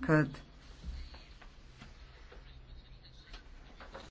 kad